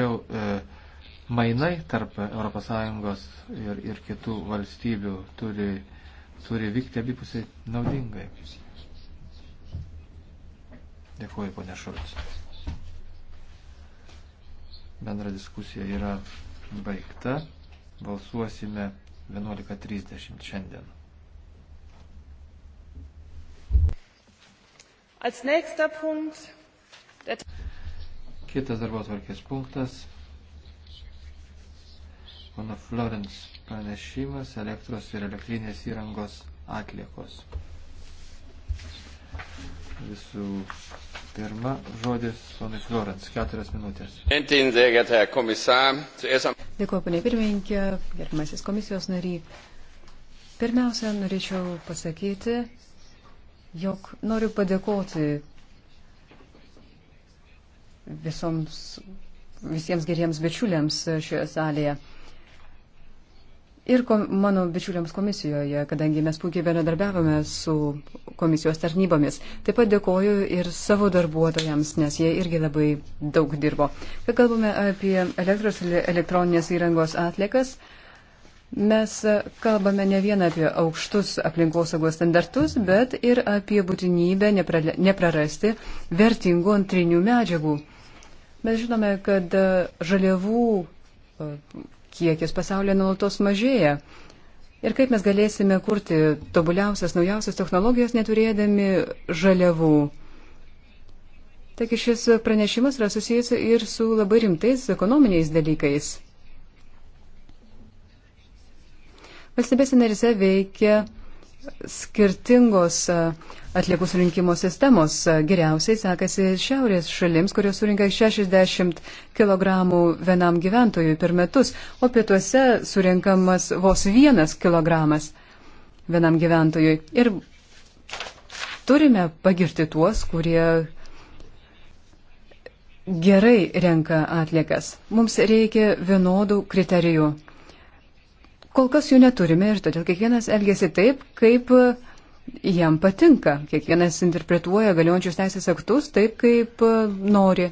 Jau e, mainai tarp ES ir, ir kitų valstybių turi, turi vykti abipusiai naudingai. Dėkuoju, ponė Šulc. Bendra diskusija yra baigta. Balsuosime 11.30 šiandien. Als nächster Punkt. Kitas darbos varkės punktas. Mano Florence pranešimas elektros ir elektrinės įrangos atliekos. Visų pirma, žodis ponui Florence, keturias minutės. Dėkuoju, ponė pirmininkė, gerbimasis komisijos nary. Pirmiausia, norėčiau pasakyti, jog noriu padėkoti visoms, visiems geriems bičiuliams šioje salėje. Ir kom, mano bičiuliams komisijoje, kadangi mes puikiai bendradarbiavome su komisijos tarnybomis. Taip pat dėkoju ir savo darbuotojams, nes jie irgi labai daug dirbo. Kai kalbame apie elektros ir elektroninės įrangos atlikas, Mes kalbame ne vien apie aukštus aplinkosaugos standartus, bet ir apie būtinybę neprarasti vertingų antrinių medžiagų. Mes žinome, kad e, žaliavų e, kiekis pasaulyje nuolatos mažėja. Ir kaip mes galėsime kurti tobuliausias, naujausias technologijas neturėdami žaliavų. Taigi šis pranešimas yra susijęs ir su labai rimtais ekonominiais dalykais. Valstybėse narise veikia skirtingos e, atliekų surinkimo sistemos. Geriausiai sekasi šiaurės šalims, kurios surinka 60 kg vienam gyventojui per metus, o pietuose surinkamas vos vienas kilogramas vienam gyventojui. Ir turime pagirti tuos, kurie gerai renka atliekas. Mums reikia vienodų kriterijų. Kol kas jų neturime ir todėl kiekvienas elgesi taip, kaip uh, jam patinka. Kiekvienas interpretuoja galiojančius teisės aktus taip, kaip e, nori.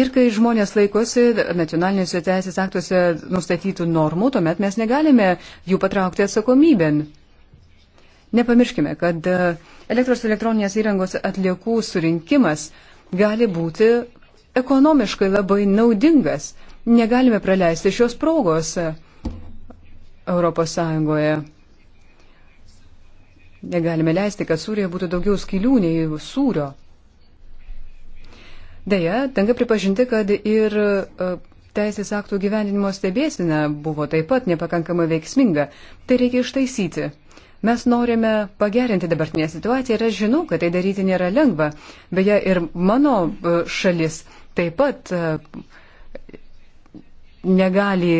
Ir kai žmonės laikosi nacionalinėse teisės aktuose nustatytų normų, tuomet mes negalime jų patraukti atsakomybėn. Nepamirškime, kad e, elektros elektroninės įrangos atliekų surinkimas gali būti ekonomiškai labai naudingas. Negalime praleisti šios progos. Europos Sąjungoje. Negalime leisti, kad Sūrija būtų daugiau skilių nei sūrio. Deja, tenka pripažinti, kad ir e, teisės aktų gyvendinimo stebėsina buvo taip pat nepakankamai veiksminga. Tai reikia ištaisyti. Mes norime pagerinti dabartinę situaciją ir aš žinau, kad tai daryti nėra lengva. Beje, ir mano e, šalis taip pat e, negali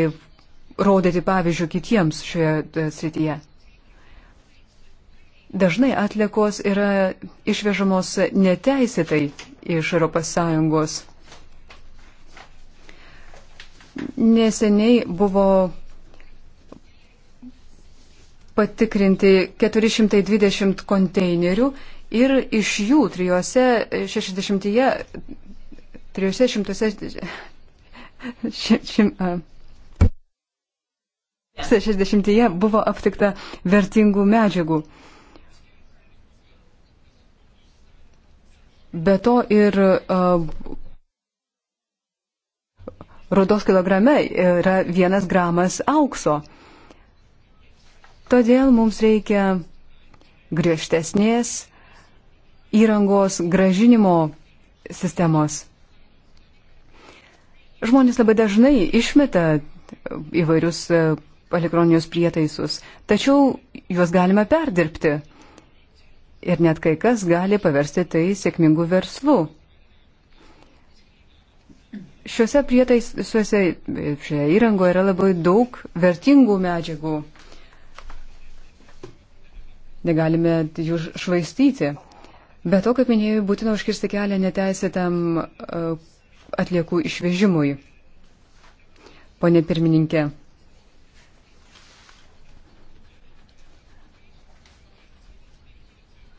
rodyti pavyzdžių kitiems šioje e, srityje. Dažnai atlikos yra išvežamos neteisėtai iš ES. Neseniai buvo patikrinti 420 konteinerių ir iš jų 360, 300, 300, 300 60 buvo aptikta vertingų medžiagų. Be to ir uh, rudos kilograme yra vienas gramas aukso. Todėl mums reikia griežtesnės įrangos gražinimo sistemos. Žmonės labai dažnai išmeta įvairius uh, elektroninius prietaisus, tačiau juos galima perdirbti. Ir net kai kas gali paversti tai sėkmingų verslų. Šiuose prietaisuose, šioje įrangoje yra labai daug vertingų medžiagų. Negalime jų švaistyti. Be to, kaip minėjau, būtina užkirsti kelią neteisėtam e, atliekų išvežimui. Pone pirmininkė,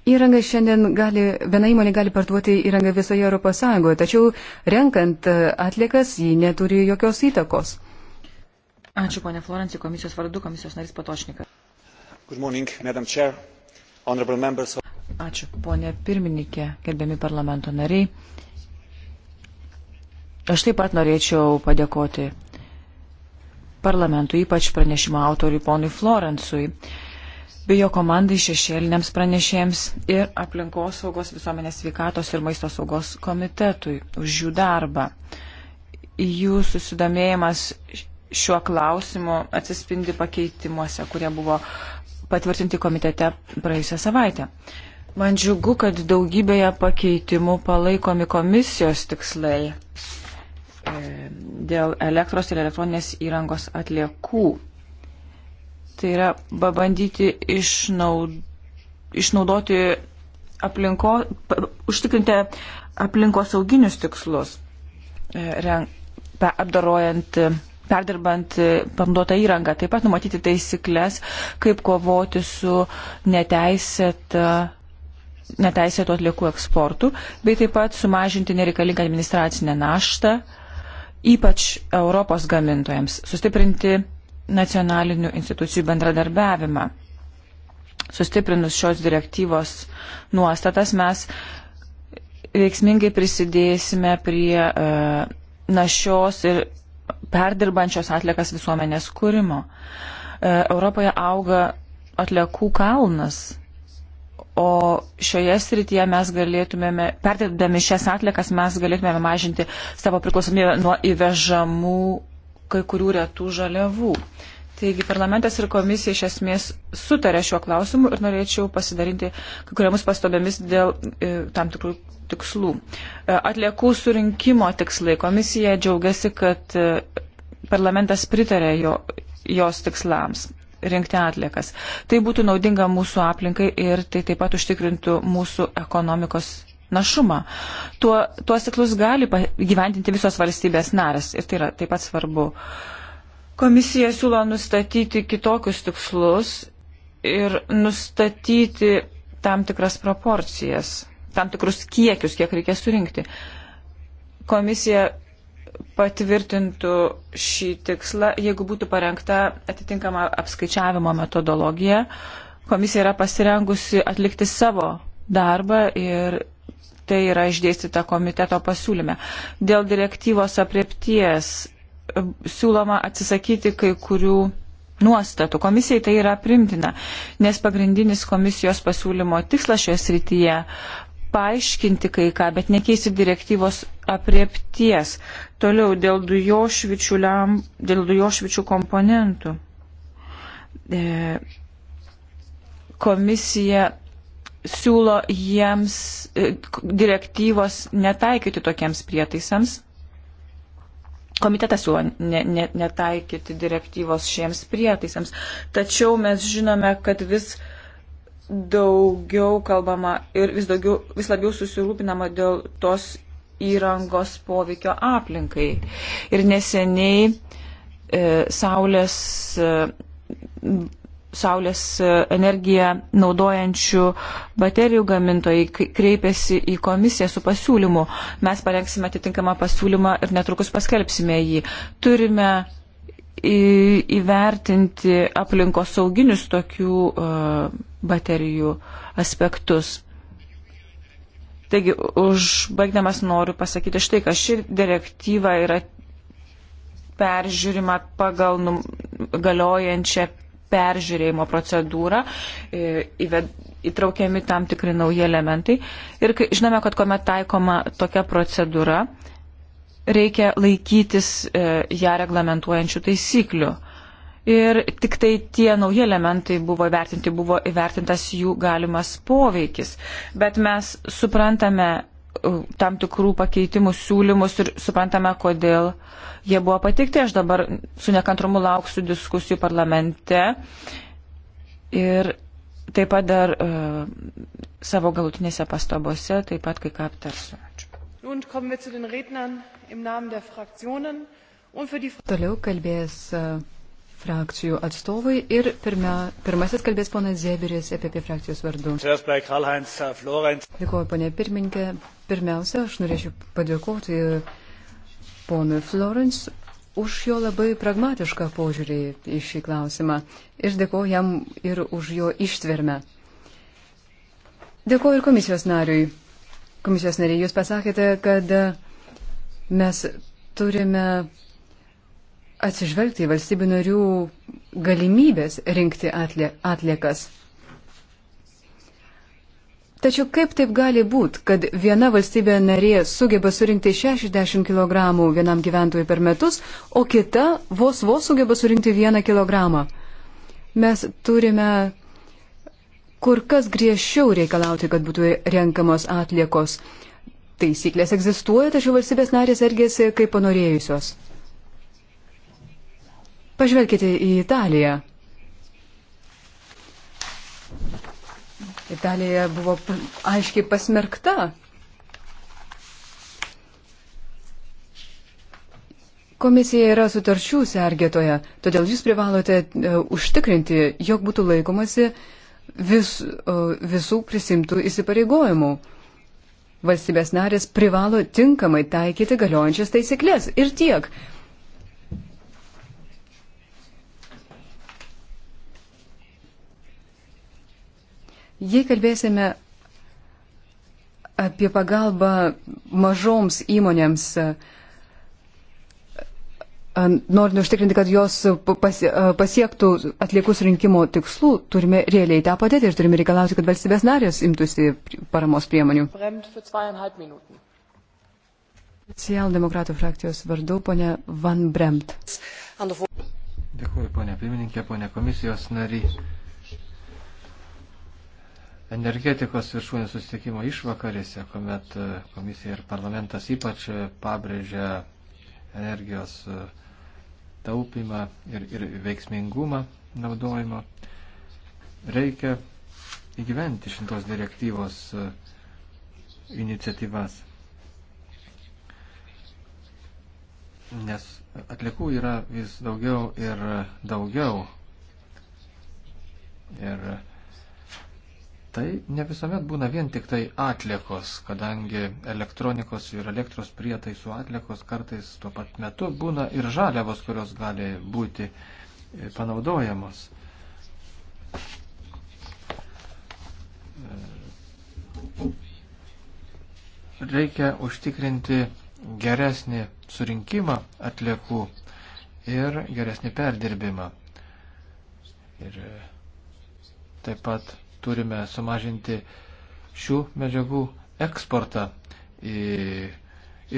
Įrangą šiandien gali, viena įmonė gali parduoti įrangą visoje Europos Sąjungoje, tačiau renkant e, atlikas ji neturi jokios įtakos. Ačiū, ponė Florencijų, komisijos vardu, komisijos narys Patošnikas. Ačiū, ponė pirmininkė, gerbiami parlamento nariai. Aš taip pat norėčiau padėkoti parlamentui, ypač pranešimo autoriui ponui Florencijui bei jo komandai šešėliniams pranešėjams ir aplinkos saugos visuomenės sveikatos ir maisto saugos komitetui už jų darbą. Jų susidomėjimas šiuo klausimu atsispindi pakeitimuose, kurie buvo patvirtinti komitete praėjusią savaitę. Man džiugu, kad daugybėje pakeitimų palaikomi komisijos tikslai e, dėl elektros ir elektroninės įrangos atliekų Tai yra pabandyti išnaud, išnaudoti aplinko, užtikrinti aplinkosauginius tikslus, e, ren, apdarojant, perdirbant e, panduotą įrangą, taip pat numatyti taisyklės, kaip kovoti su neteisėta neteisėtų atliekų eksportų, bei taip pat sumažinti nereikalingą administracinę naštą, ypač Europos gamintojams, sustiprinti nacionalinių institucijų bendradarbiavimą. Sustiprinus šios direktyvos nuostatas mes veiksmingai prisidėsime prie uh, našios ir perdirbančios atlikas visuomenės kūrimo. Uh, Europoje auga atliekų kalnas, o šioje srityje mes galėtumėme, perdirbdami šias atlikas, mes galėtumėme mažinti savo priklausomybę nuo įvežamų kai kurių retų žaliavų. Taigi parlamentas ir komisija iš esmės sutarė šiuo klausimu ir norėčiau pasidalinti kai kuriamus pastobomis dėl e, tam tikrų tikslų. E, atliekų surinkimo tikslai. Komisija džiaugiasi, kad e, parlamentas pritarė jo, jos tikslams rinkti atliekas. Tai būtų naudinga mūsų aplinkai ir tai taip pat užtikrintų mūsų ekonomikos našumą. Tuo, tuos tiklus gali gyventinti visos valstybės naras ir tai yra taip pat svarbu. Komisija siūlo nustatyti kitokius tikslus ir nustatyti tam tikras proporcijas, tam tikrus kiekius, kiek reikia surinkti. Komisija patvirtintų šį tikslą, jeigu būtų parengta atitinkama apskaičiavimo metodologija. Komisija yra pasirengusi atlikti savo darbą ir tai yra išdėstyta komiteto pasiūlyme. Dėl direktyvos apriepties e, siūloma atsisakyti kai kurių nuostatų. Komisijai tai yra primtina, nes pagrindinis komisijos pasiūlymo tikslas šioje srityje paaiškinti kai ką, bet nekeisti direktyvos apriepties. Toliau dėl dujošvičių, lemp, dėl dujošvičių komponentų. E, komisija siūlo jiems e, direktyvos netaikyti tokiems prietaisams. Komitetas siūlo ne, ne, netaikyti direktyvos šiems prietaisams. Tačiau mes žinome, kad vis daugiau kalbama ir vis, daugiau, vis labiau susirūpinama dėl tos įrangos poveikio aplinkai. Ir neseniai e, Saulės. E, saulės e, energiją naudojančių baterijų gamintojai kreipėsi į komisiją su pasiūlymu. Mes parengsime atitinkamą pasiūlymą ir netrukus paskelbsime jį. Turime įvertinti aplinkos sauginius tokių e, baterijų aspektus. Taigi, užbaigdamas noriu pasakyti štai, kad ši direktyva yra peržiūrima pagal galiojančią peržiūrėjimo procedūrą, e, įtraukiami tam tikri nauji elementai. Ir žinome, kad kuomet taikoma tokia procedūra, reikia laikytis e, ją reglamentuojančių taisyklių. Ir tik tai tie nauji elementai buvo įvertinti, buvo įvertintas jų galimas poveikis. Bet mes suprantame tam tikrų pakeitimų siūlymus ir suprantame, kodėl jie buvo patikti. Aš dabar su nekantrumu lauksiu diskusijų parlamente ir taip pat dar uh, savo galutinėse pastabose taip pat kai ką aptarsiu. Toliau kalbės uh, frakcijų atstovai ir pirmia, pirmasis kalbės ponas Zėberis apie, apie frakcijos vardu. Dėkuoju, ponė pirmininkė. Pirmiausia, aš norėčiau padėkoti ponui Florence už jo labai pragmatišką požiūrį į šį klausimą ir dėkuoju jam ir už jo ištvermę. Dėkuoju ir komisijos nariui. Komisijos nariai, jūs pasakėte, kad mes turime atsižvelgti į valstybių narių galimybės rinkti atlie, atliekas. Tačiau kaip taip gali būti, kad viena valstybė narė sugeba surinkti 60 kg vienam gyventojui per metus, o kita vos vos sugeba surinkti 1 kg? Mes turime kur kas griežčiau reikalauti, kad būtų renkamos atliekos. Taisyklės egzistuoja, tačiau valstybės narės elgėsi kaip panorėjusios. Pažvelkite į Italiją. Italija buvo aiškiai pasmerkta. Komisija yra sutarčių sergėtoja, todėl jūs privalote e, užtikrinti, jog būtų laikomasi vis, e, visų prisimtų įsipareigojimų. Valstybės narės privalo tinkamai taikyti galiojančias taisyklės ir tiek. Jei kalbėsime apie pagalbą mažoms įmonėms, norint užtikrinti, kad jos pasiektų atliekus rinkimo tikslų, turime realiai tą padėti ir turime reikalauti, kad valstybės narės imtųsi paramos priemonių. Socialdemokratų frakcijos vardu, ponė Van Bremt. Dėkuoju, ponė pirmininkė, ponė komisijos nariai energetikos viršūnės susitikimo išvakarėse, kuomet e, komisija ir parlamentas ypač e, pabrėžia energijos e, taupimą ir, ir veiksmingumą naudojimo, reikia įgyventi šimtos direktyvos iniciatyvas. Nes atlikų yra vis daugiau ir daugiau. Ir Tai ne visuomet būna vien tik tai atliekos, kadangi elektronikos ir elektros prietaisų atliekos kartais tuo pat metu būna ir žaliavos, kurios gali būti e, panaudojamos. E, reikia užtikrinti geresnį surinkimą atliekų ir geresnį perdirbimą. Ir e, taip pat turime sumažinti šių medžiagų eksportą į,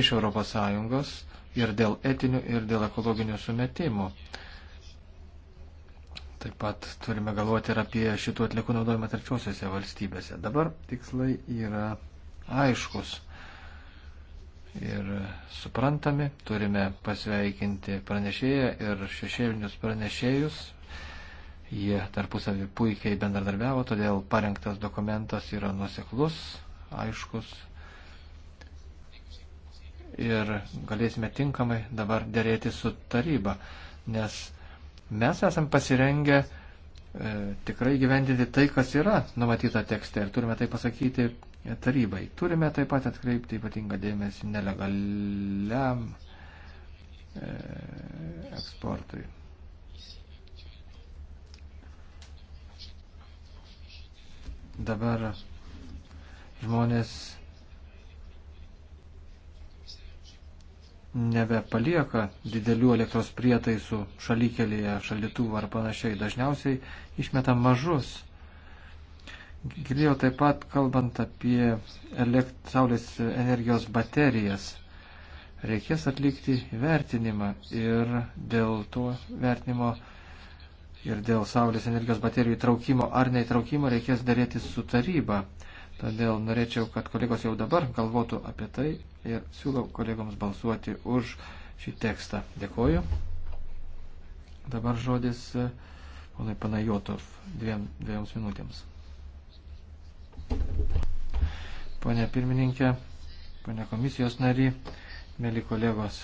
iš ES ir dėl etinių, ir dėl ekologinių sumetimų. Taip pat turime galvoti ir apie šitų atliekų naudojimą trečiosiuose valstybėse. Dabar tikslai yra aiškus ir suprantami. Turime pasveikinti pranešėją ir šešėlinius pranešėjus Jie tarpusavį puikiai bendradarbiavo, todėl parengtas dokumentas yra nuseklus, aiškus ir galėsime tinkamai dabar dėrėti su taryba, nes mes esam pasirengę e, tikrai gyvendinti tai, kas yra numatyta tekste ir turime tai pasakyti tarybai. Turime taip pat atkreipti ypatingą dėmesį nelegaliam e, eksportui. dabar žmonės nebepalieka didelių elektros prietaisų šalykelėje, šalituvų ar panašiai, dažniausiai išmeta mažus. Girdėjau taip pat, kalbant apie elekt, saulės energijos baterijas, reikės atlikti vertinimą ir dėl to vertinimo ir dėl saulės energijos baterijų įtraukimo ar neįtraukimo reikės darėti su taryba. Todėl norėčiau, kad kolegos jau dabar galvotų apie tai ir siūlau kolegoms balsuoti už šį tekstą. Dėkoju. Dabar žodis e, ponai Panajotov dviem, dviejoms minutėms. Pone pirmininkė, pone komisijos nary, mėly kolegos.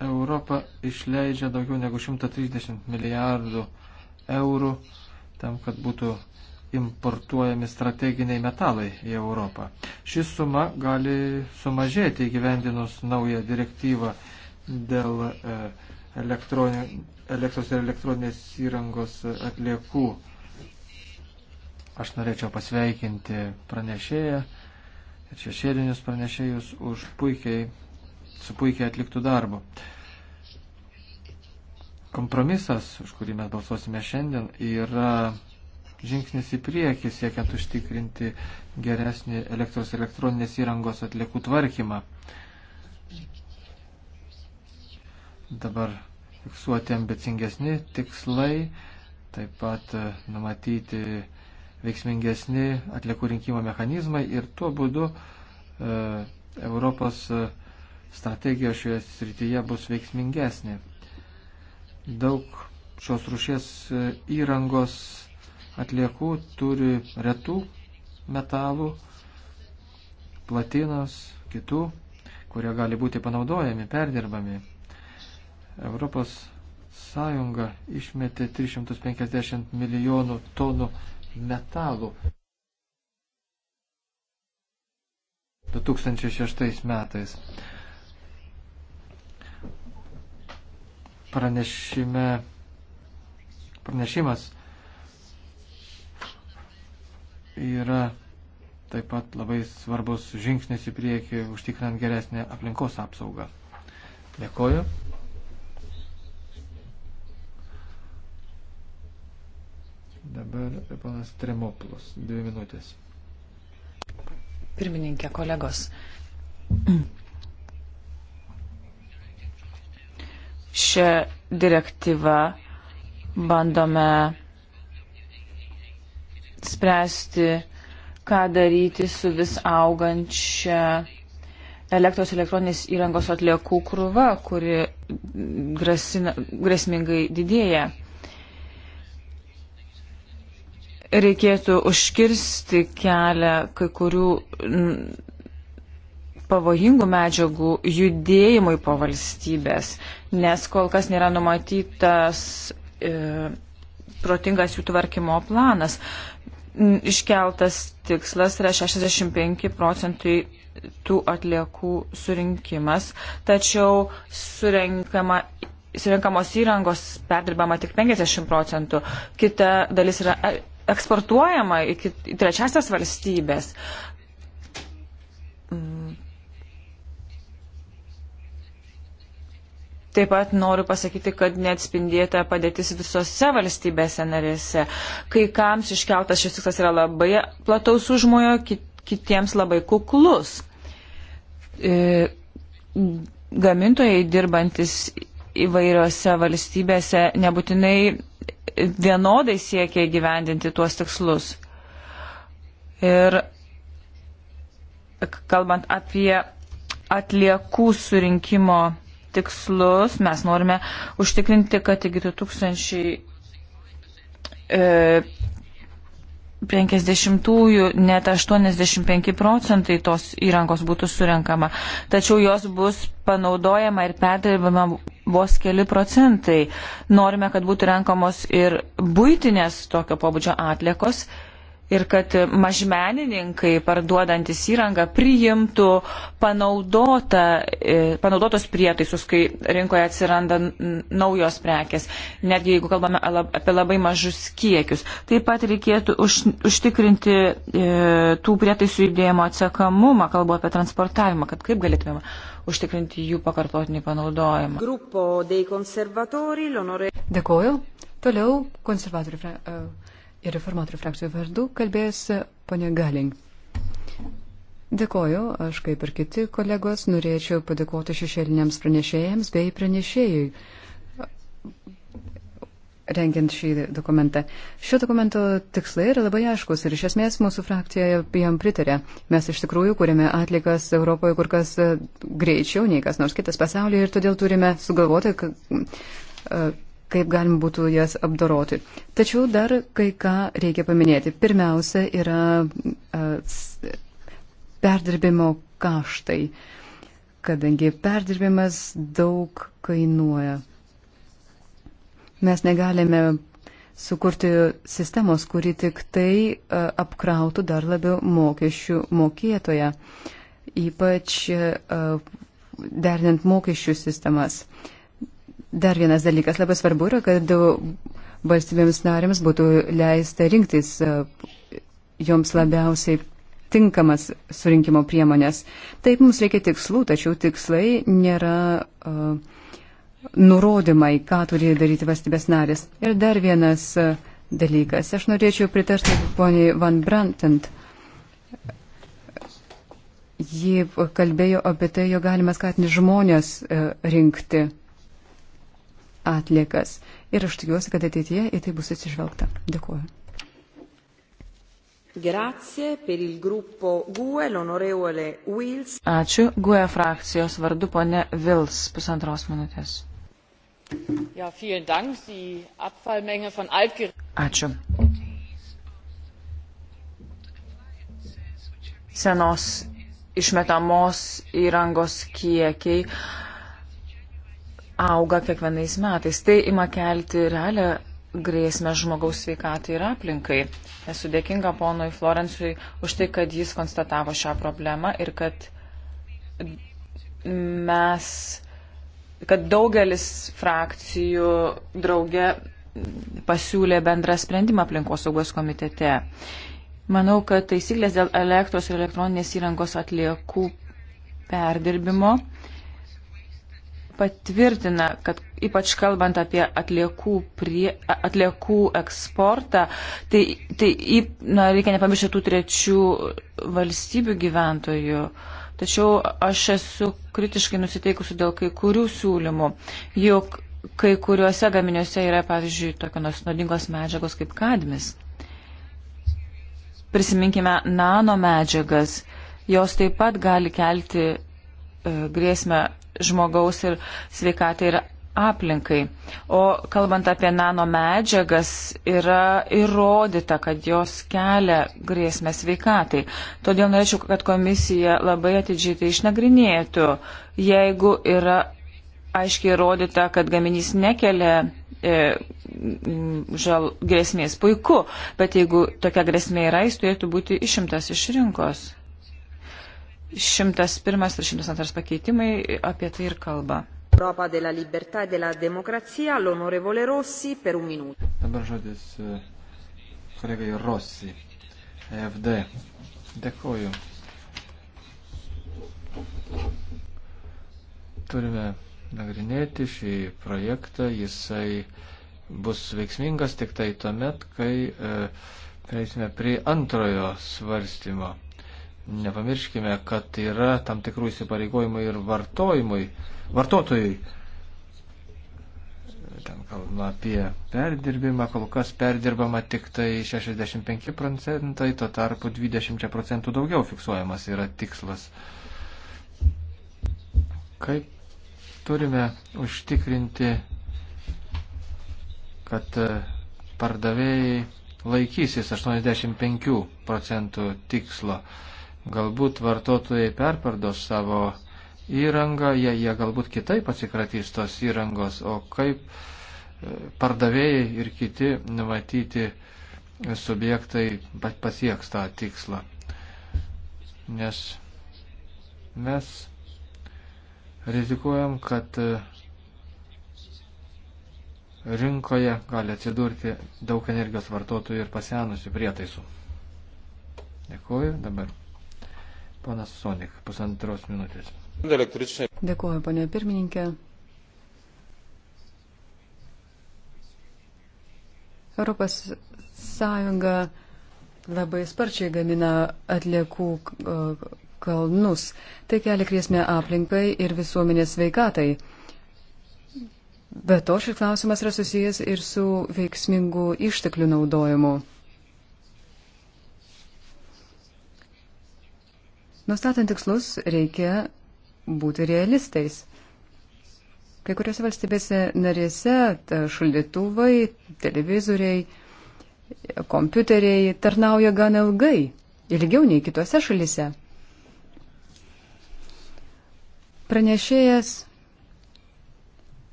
Europa išleidžia daugiau negu 130 milijardų eurų tam, kad būtų importuojami strateginiai metalai į Europą. Ši suma gali sumažėti įgyvendinus naują direktyvą dėl e, elektros ir elektroninės įrangos atliekų. Aš norėčiau pasveikinti pranešėją ir šešėlinius pranešėjus už puikiai su puikiai atliktų darbu. Kompromisas, už kurį mes balsuosime šiandien, yra žingsnis į priekį siekiant užtikrinti geresnį elektros elektroninės įrangos atliekų tvarkymą. Dabar fiksuoti ambicingesni tikslai, taip pat e, numatyti veiksmingesni atliekų rinkimo mechanizmai ir tuo būdu e, Europos e, strategija šioje srityje bus veiksmingesnė. Daug šios rušies e, įrangos atliekų turi retų metalų, platinos, kitų, kurie gali būti panaudojami, perdirbami. Europos Sąjunga išmetė 350 milijonų tonų metalų 2006 metais. pranešime, pranešimas yra taip pat labai svarbus žingsnis į priekį, užtikrinant geresnę aplinkos apsaugą. Dėkoju. Dabar panas Tremopulos, dvi minutės. Pirmininkė, kolegos. Šią direktyvą bandome spręsti, ką daryti su vis augančia elektros elektroninės įrangos atliekų krūva, kuri grasina, grėsmingai didėja. Reikėtų užkirsti kelią kai kurių pavojingų medžiagų judėjimui po valstybės, nes kol kas nėra numatytas e, protingas jų tvarkymo planas. Iškeltas tikslas yra 65 procentai tų atliekų surinkimas, tačiau surinkama surinkamos įrangos perdirbama tik 50 procentų, kita dalis yra e, eksportuojama į trečiasias valstybės. Taip pat noriu pasakyti, kad neatspindėta padėtis visose valstybėse narėse. Kai kams iškeltas šis tikslas yra labai plataus užmojo, kitiems labai kuklus. E, gamintojai dirbantis įvairiose valstybėse nebūtinai vienodai siekia gyvendinti tuos tikslus. Ir kalbant apie atliekų surinkimo tikslus. Mes norime užtikrinti, kad iki 2050-ųjų e, net 85 procentai tos įrangos būtų surenkama. Tačiau jos bus panaudojama ir perdirbama vos keli procentai. Norime, kad būtų renkamos ir būtinės tokio pobūdžio atliekos ir kad mažmenininkai parduodantis įrangą priimtų panaudota, e, panaudotos prietaisus, kai rinkoje atsiranda naujos prekes, netgi jeigu kalbame apie labai mažus kiekius. Taip pat reikėtų už, užtikrinti e, tų prietaisų judėjimo atsakamumą, kalbu apie transportavimą, kad kaip galėtume užtikrinti jų pakartotinį panaudojimą. Dėkoju. Toliau konservatorių e, ir reformatorių frakcijų vardu kalbės ponė Galing. Dėkoju, aš kaip ir kiti kolegos norėčiau padėkoti šešėliniams pranešėjams bei pranešėjui rengiant šį dokumentą. Šio dokumento tikslai yra labai aiškus ir iš esmės mūsų frakcija jam pritarė. Mes iš tikrųjų kūrėme atlikas Europoje kur kas e, greičiau nei kas nors kitas pasaulyje ir todėl turime sugalvoti, kaip galima būtų jas apdoroti. Tačiau dar kai ką reikia paminėti. Pirmiausia yra perdirbimo kaštai, kadangi perdirbimas daug kainuoja. Mes negalime sukurti sistemos, kuri tik tai apkrautų dar labiau mokesčių mokėtoje, ypač dernint mokesčių sistemas. Dar vienas dalykas labai svarbu yra, kad valstybėms narėms būtų leista rinktis e, joms labiausiai tinkamas surinkimo priemonės. Taip mums reikia tikslų, tačiau tikslai nėra uh, nurodymai, ką turi daryti valstybės narės. Ir dar vienas e, dalykas. Aš norėčiau pritarti poniai Van Brantant. Ji kalbėjo apie tai, jo galima skatinti žmonės uh, rinkti atliekas. Ir aš tikiuosi, kad ateityje į tai bus atsižvelgta. Dėkuoju. GUE, Ačiū. GUE frakcijos vardu ponė Vils, pusantros minutės. Ja, dank, Ačiū. Senos išmetamos įrangos kiekiai auga kiekvienais metais. Tai ima kelti realią grėsmę žmogaus sveikatai ir aplinkai. Esu dėkinga ponui Florencui už tai, kad jis konstatavo šią problemą ir kad mes, kad daugelis frakcijų drauge pasiūlė bendrą sprendimą aplinkosaugos komitete. Manau, kad taisyklės dėl elektros ir elektroninės įrangos atliekų perdirbimo patvirtina, kad ypač kalbant apie atliekų, prie, atliekų eksportą, tai, tai na, reikia nepamiršti tų trečių valstybių gyventojų. Tačiau aš esu kritiškai nusiteikusi dėl kai kurių siūlymų, jog kai kuriuose gaminiuose yra, pavyzdžiui, tokios nuodingos medžiagos kaip kadmis. Prisiminkime nano medžiagas, jos taip pat gali kelti E, grėsmę žmogaus ir sveikatai ir aplinkai. O kalbant apie nano medžiagas, yra įrodyta, kad jos kelia grėsmę sveikatai. Todėl norėčiau, kad komisija labai atidžiai tai išnagrinėtų, jeigu yra aiškiai įrodyta, kad gaminys nekelia e, žal, grėsmės puiku, bet jeigu tokia grėsmė yra, jis turėtų būti išimtas iš rinkos. 101 ir 102 pakeitimai apie tai ir kalba. Europa della libertà e della democrazia, l'onorevole Rossi per un minuto. Dabar žodis eh, kolegai Rossi, EFD. Dėkuoju. Turime nagrinėti šį projektą, jisai bus veiksmingas tik tai tuomet, kai e, eh, prieisime prie antrojo svarstymo. Nepamirškime, kad yra tam tikrų įsipareigojimų ir vartojimui, vartotojui. Ten kalbama apie perdirbimą, kol kas perdirbama tik tai 65 procentai, tuo tarpu 20 procentų daugiau fiksuojamas yra tikslas. Kaip turime užtikrinti, kad e, pardavėjai laikysis 85 procentų tikslo. Galbūt vartotojai perpardos savo įrangą, jie, jie galbūt kitaip atsikratys tos įrangos, o kaip e, pardavėjai ir kiti numatyti subjektai pasieks tą tikslą. Nes mes rizikuojam, kad e, rinkoje gali atsidurti daug energijos vartotojų ir pasenusių prietaisų. Dėkuoju dabar. Ponas Sonik, pusantros minutės. Dėkuoju, ponė pirmininkė. Europos Sąjunga labai sparčiai gamina atliekų e, kalnus. Tai kelia grėsmę aplinkai ir visuomenės sveikatai. Be to, šis klausimas yra susijęs ir su veiksmingu išteklių naudojimu. Nustatant tikslus, reikia būti realistais. Kai kuriuose valstybėse narėse šaldytuvai, televizoriai, kompiuteriai tarnauja gan ilgai, ilgiau nei kitose šalise. Pranešėjas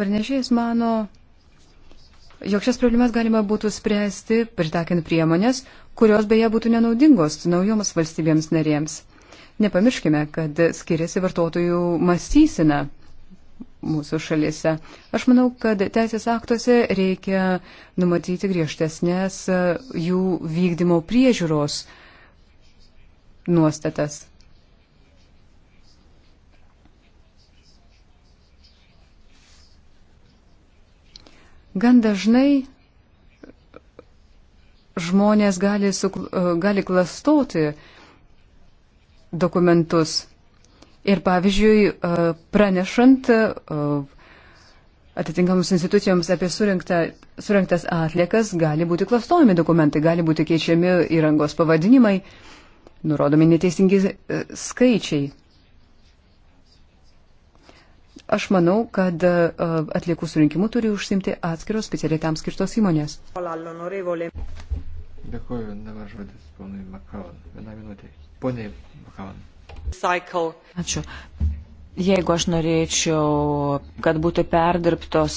Pranešėjas mano, jog šias problemas galima būtų spręsti pritakiant priemonės, kurios beje būtų nenaudingos naujoms valstybėms narėms. Nepamirškime, kad skiriasi vartotojų mąstysena mūsų šalise. Aš manau, kad teisės aktuose reikia numatyti griežtesnės jų vykdymo priežiūros nuostatas. Gan dažnai žmonės gali, su, e, gali klastoti dokumentus. Ir pavyzdžiui, e, pranešant e, atitinkamus institucijoms apie surinkta, surinktas atliekas, gali būti klastojami dokumentai, gali būti keičiami įrangos pavadinimai, nurodomi neteisingi skaičiai. Aš manau, kad e, atliekų surinkimu turi užsimti atskiros specialiai tam skirtos įmonės. Dėkuoju, dabar žodis ponui Makavan. Vieną minutę. Pone Makavan. Ačiū. Jeigu aš norėčiau, kad būtų perdirbtos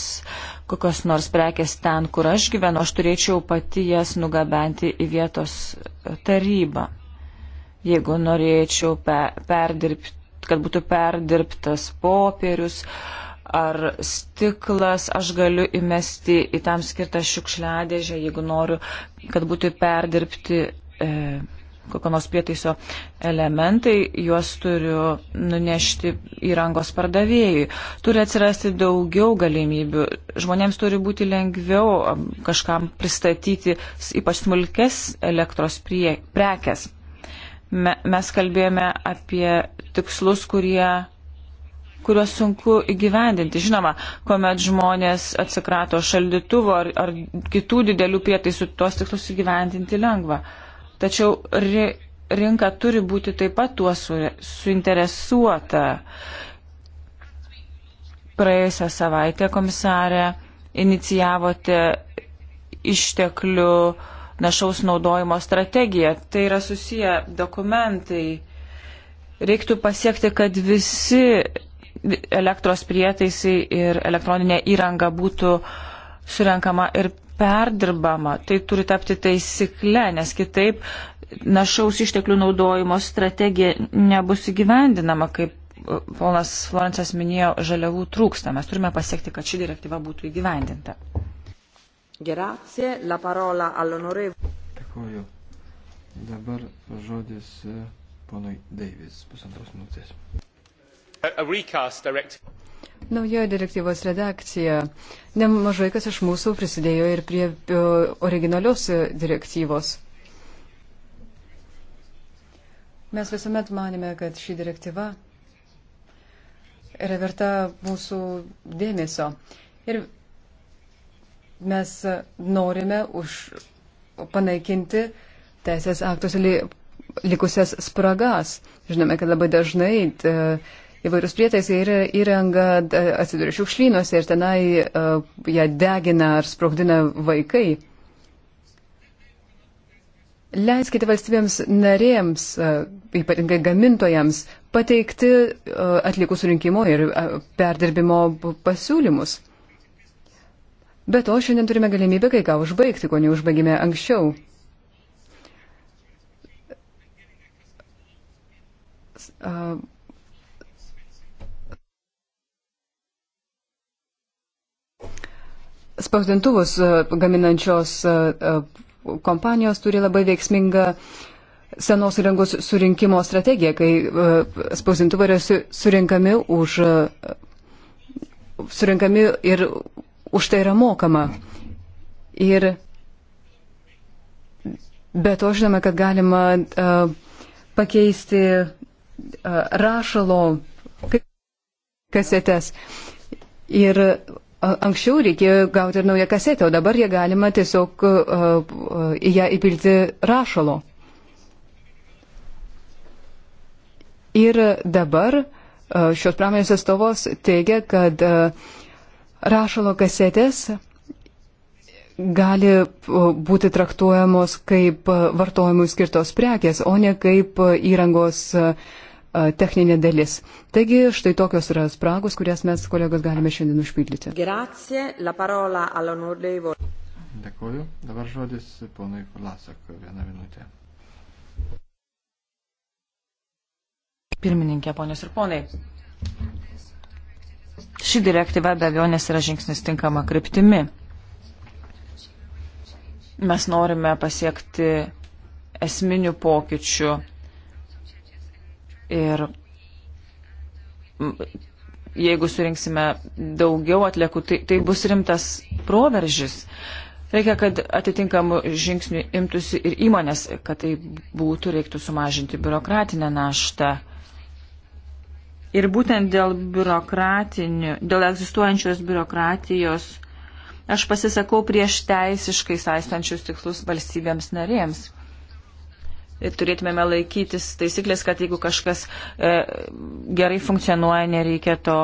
kokios nors prekės ten, kur aš gyvenu, aš turėčiau pati jas nugabenti į vietos tarybą. Jeigu norėčiau pe perdirbti kad būtų perdirbtas popierius ar stiklas, aš galiu įmesti į tam skirtą šiukšliadėžę, jeigu noriu, kad būtų perdirbti e, kokio nors prietaiso elementai, juos turiu nunešti įrangos pardavėjui. Turi atsirasti daugiau galimybių, žmonėms turi būti lengviau kažkam pristatyti ypač smulkes elektros prie, prekes me, mes kalbėjome apie tikslus, kurie kuriuos sunku įgyvendinti. Žinoma, kuomet žmonės atsikrato šaldytuvo ar, ar kitų didelių prietaisų, tuos tikslus įgyvendinti lengva. Tačiau ri, rinka turi būti taip pat tuo su, suinteresuota. Praėjusią savaitę komisarė inicijavote išteklių našaus naudojimo strategiją. Tai yra susiję dokumentai. Reiktų pasiekti, kad visi elektros prietaisai ir elektroninė įranga būtų surenkama ir perdirbama. Tai turi tapti taisykle, nes kitaip našaus išteklių naudojimo strategija nebus įgyvendinama, kaip e, ponas Florencas minėjo, žaliavų trūksta. Mes turime pasiekti, kad ši direktyva būtų įgyvendinta. Grazie. La parola all'onorevole. Dėkuoju. Dabar žodis e, ponui Deivis, pusantros minutės. Naujoji direktyvos redakcija. Nemažai kas iš mūsų prisidėjo ir prie e, originalios e, direktyvos. Mes visuomet manėme, kad ši direktyva yra verta mūsų dėmesio. Ir mes norime už panaikinti teisės aktuose li, likusias spragas. Žinome, kad labai dažnai t, įvairius prietaisai ir įranga atsiduria šiukšlynuose ir tenai e, ją degina ar sprogdina vaikai. Leiskite valstybėms narėms, e, ypatingai gamintojams, pateikti e, atlikus rinkimo ir perdirbimo pasiūlymus. Be to, šiandien turime galimybę kai ką užbaigti, ko neužbaigėme anksčiau. Uh, spausdintuvus gaminančios kompanijos turi labai veiksmingą senos įrangos surinkimo strategiją, kai spausdintuvai yra surinkami, už, surinkami ir už tai yra mokama. Ir be to žinome, kad galima uh, pakeisti uh, rašalo kasetės. Ir uh, anksčiau reikėjo gauti ir naują kasetę, o dabar jie galima tiesiog uh, uh, į ją įpilti rašalo. Ir dabar uh, šios pramonės atstovos teigia, kad uh, rašalo kasetės gali būti traktuojamos kaip e, vartojimui skirtos prekės, o ne kaip e, įrangos e, techninė dalis. Taigi štai tokios yra spragos, kurias mes kolegos galime šiandien užpildyti. Dėkuoju. Dabar žodis ponui Lasak vieną minutę. Pirmininkė, ponios ir ponai. Ši direktyva be abejonės yra žingsnis tinkama kryptimi. Mes norime pasiekti esminių pokyčių ir jeigu surinksime daugiau atliekų, tai, tai bus rimtas proveržis. Reikia, kad atitinkamų žingsnių imtųsi ir įmonės, kad tai būtų reiktų sumažinti biurokratinę naštą. Ir būtent dėl biurokratinių, dėl egzistuojančios biurokratijos aš pasisakau prieš teisiškai saistančius tikslus valstybėms narėms. Ir turėtumėme laikytis taisyklės, kad jeigu kažkas e, gerai funkcionuoja, nereikia to,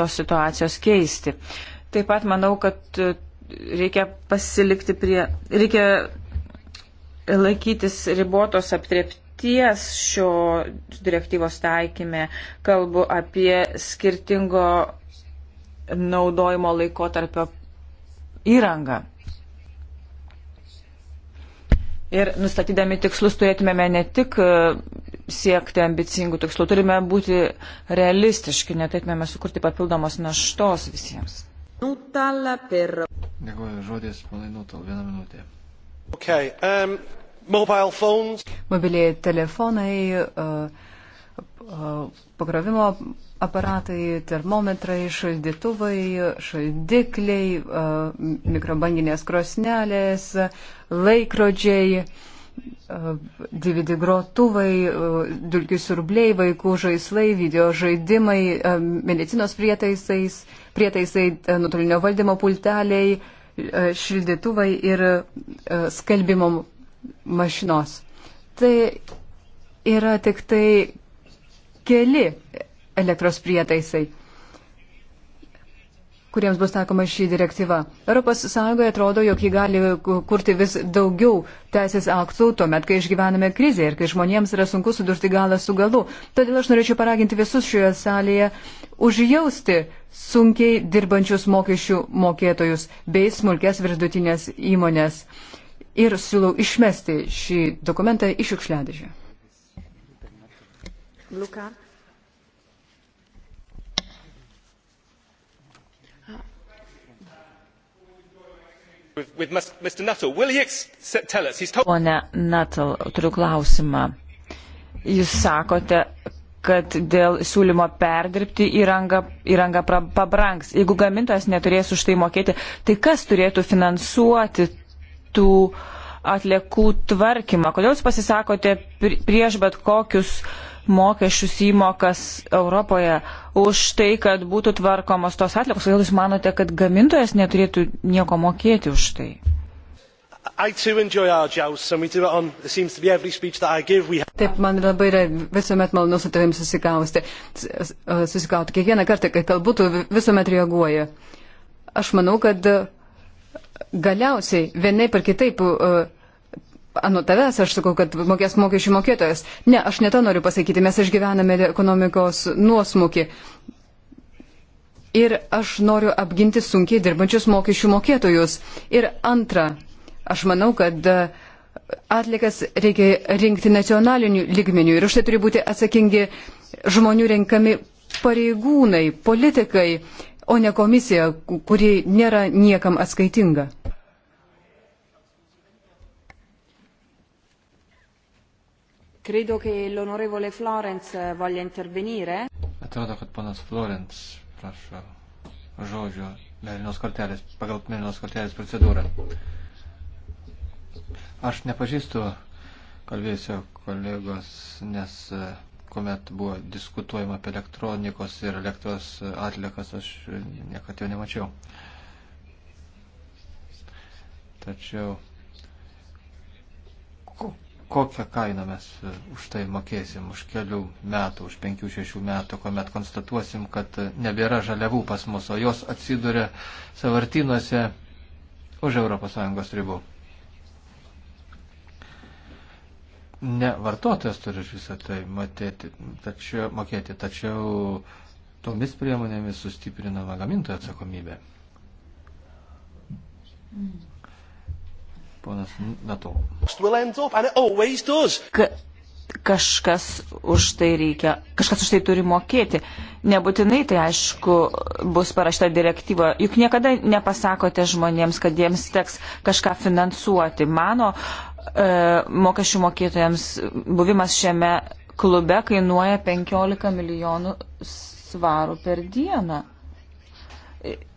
tos situacijos keisti. Taip pat manau, kad e, reikia pasilikti prie, reikia laikytis ribotos aptriepti srities šio direktyvos taikymė. Kalbu apie skirtingo naudojimo laikotarpio įrangą. Ir nustatydami tikslus turėtumėme ne tik e, siekti ambicingų tikslų, turime būti realistiški, netaipmėme sukurti papildomos naštos visiems. Dėkuoju, žodis, malai nutal, vieną minutę. Okay, um... Mobiliai telefonai, e, e, pakrovimo aparatai, termometrai, šaldytuvai, šaldikliai, e, mikrobanginės krosnelės, laikrodžiai, DVD grotuvai, dulkių siurbliai, vaikų žaislai, video žaidimai, medicinos prietaisais, prietaisai, nuotolinio valdymo pulteliai, šildytuvai ir skalbimo mašinos. Tai yra tik tai keli elektros prietaisai kuriems bus taikoma šį direktyvą. ES atrodo, jog ji gali kurti vis daugiau teisės aktų tuomet, kai išgyvename krizę ir kai žmonėms yra sunku sudurti galą su galu. Todėl aš norėčiau paraginti visus šioje salėje užjausti sunkiai dirbančius mokesčių mokėtojus bei smulkės virdutinės įmonės ir siūlau išmesti šį dokumentą iš šiukšliadėžę. Luka. Pone Nuttall, turiu klausimą. Jūs sakote, kad dėl siūlymo perdirbti įrangą, įrangą pabranks. Jeigu gamintojas neturės už tai mokėti, tai kas turėtų finansuoti tų atliekų tvarkymą. Kodėl jūs pasisakote prieš bet kokius mokesčius įmokas Europoje už tai, kad būtų tvarkomos tos atliekos? Kodėl jūs manote, kad gamintojas neturėtų nieko mokėti už tai? Taip, man labai yra visuomet malonu su tavim susikausti. Susikauti kiekvieną kartą, kai kalbų, tu visuomet reaguoji. Aš manau, kad galiausiai vienaip ar kitaip, e, anu tavęs aš sakau, kad mokės mokesčių mokėtojas. Ne, aš netą noriu pasakyti, mes išgyvename ekonomikos nuosmukį. Ir aš noriu apginti sunkiai dirbančius mokesčių mokėtojus. Ir antra, aš manau, kad e, atlikas reikia rinkti nacionaliniu lygmeniu ir už tai turi būti atsakingi žmonių renkami pareigūnai, politikai o ne komisija, kuri nėra niekam atskaitinga. Credo che l'onorevole Florence voglia intervenire. Atrodo, kad ponas Florence prašo žodžio mėlynos kortelės, pagal mėlynos kortelės procedūrą. Aš nepažįstu kalbėjusio kolegos, nes kuomet buvo diskutuojama apie elektronikos ir elektros atlikas, aš niekad jo nemačiau. Tačiau ko, kokią kainą mes e, už tai mokėsim už kelių metų, už penkių, šešių metų, kuomet konstatuosim, kad e, nebėra žaliavų pas mus, o jos atsiduria savartinuose už ES ribų. ne vartotojas turi visą tai matėti, tačiau, mokėti, tačiau tomis priemonėmis sustiprinama gamintojo atsakomybė. Ponas Nato. Ka, kažkas už tai reikia, kažkas už tai turi mokėti. Nebūtinai tai aišku bus parašta direktyva. Juk niekada nepasakote žmonėms, kad jiems teks kažką finansuoti. Mano uh, E, mokesčių mokėtojams buvimas šiame klube kainuoja 15 milijonų svarų per dieną.